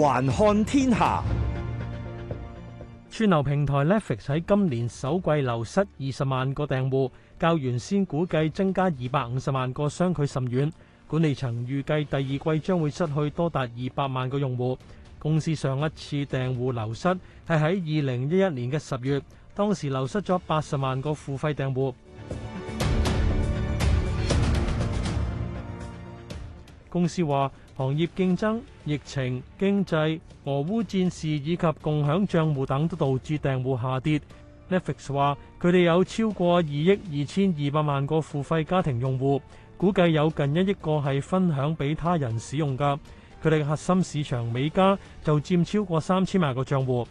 環看天下，串流平台 Netflix 喺今年首季流失二十萬個訂戶，較原先估計增加二百五十萬個，相距甚遠。管理層預計第二季將會失去多達二百萬個用戶。公司上一次訂戶流失係喺二零一一年嘅十月，當時流失咗八十萬個付費訂戶。公司話，行業競爭、疫情、經濟、俄烏戰事以及共享賬戶等都導致訂戶下跌。Netflix 話，佢哋有超過二億二千二百萬個付費家庭用戶，估計有近一億個係分享俾他人使用噶。佢哋核心市場美加就佔超過三千萬個賬戶。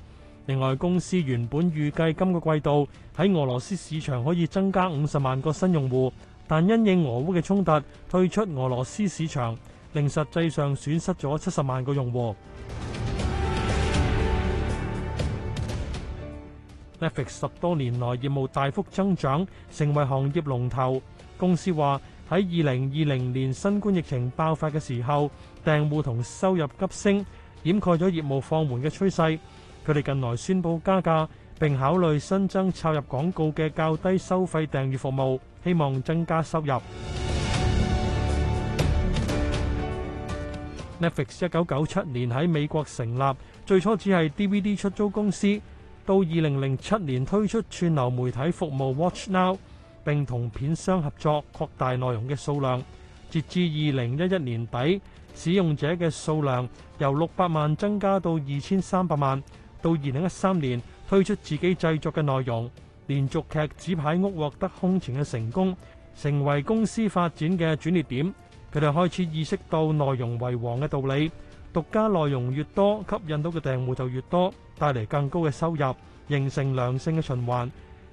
另外，公司原本預計今個季度喺俄羅斯市場可以增加五十萬個新用戶。但因應俄烏嘅衝突，退出俄羅斯市場，令實際上損失咗七十萬個用戶。Netflix 十多年來業務大幅增長，成為行業龍頭。公司話喺二零二零年新冠疫情爆發嘅時候，訂戶同收入急升，掩蓋咗業務放緩嘅趨勢。佢哋近來宣布加價。並考慮新增插入廣告嘅較低收費訂閱服務，希望增加收入。Netflix 一九九七年喺美國成立，最初只係 DVD 出租公司。到二零零七年推出串流媒體服務 Watch Now，並同片商合作擴大內容嘅數量。截至二零一一年底，使用者嘅數量由六百萬增加到二千三百萬。到二零一三年，推出自己製作嘅內容，連續劇《紙牌屋》獲得空前嘅成功，成為公司發展嘅轉捩點。佢哋開始意識到內容為王嘅道理，獨家內容越多，吸引到嘅訂戶就越多，帶嚟更高嘅收入，形成良性嘅循環。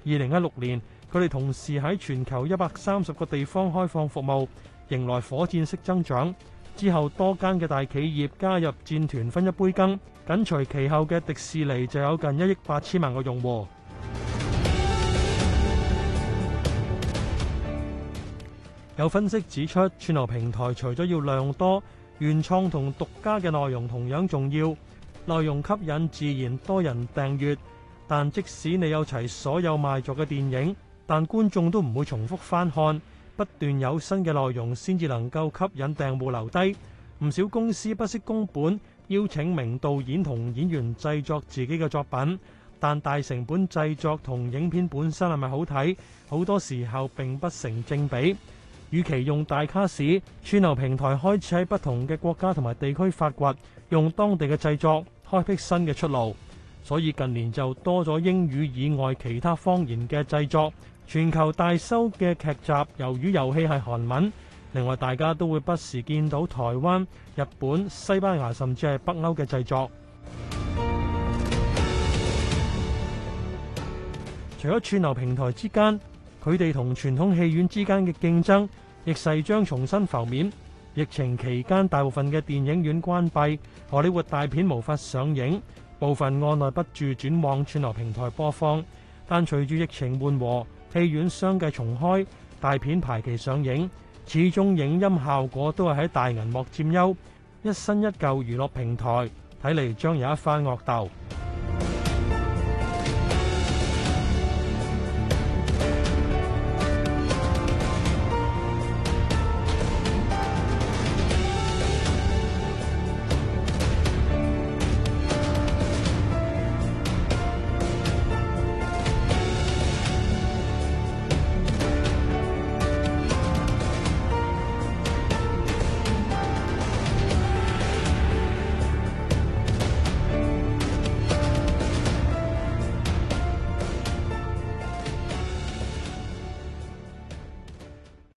二零一六年，佢哋同時喺全球一百三十個地方開放服務，迎來火箭式增長。之後多間嘅大企業加入戰團分一杯羹，緊隨其後嘅迪士尼就有近一億八千萬個用戶。有分析指出，串流平台除咗要量多，原創同獨家嘅內容同樣重要。內容吸引自然多人訂閱，但即使你有齊所有賣座嘅電影，但觀眾都唔會重複翻看。不斷有新嘅內容先至能夠吸引訂戶留低，唔少公司不惜工本邀請名導演同演員製作自己嘅作品，但大成本製作同影片本身係咪好睇，好多時候並不成正比。與其用大卡士，串流平台開始喺不同嘅國家同埋地區發掘，用當地嘅製作開闢新嘅出路。所以近年就多咗英語以外其他方言嘅製作。全球大收嘅劇集，《魷魚遊戲》係韓文，另外大家都會不時見到台灣、日本、西班牙甚至係北歐嘅製作。 除咗串流平台之間，佢哋同傳統戲院之間嘅競爭，亦勢將重新浮面。疫情期間，大部分嘅電影院關閉，荷里活大片無法上映，部分按捺不住轉往串流平台播放，但隨住疫情緩和，戲院相繼重開，大片排期上映，始終影音效果都係喺大銀幕佔優。一新一舊娛樂平台，睇嚟將有一番惡鬥。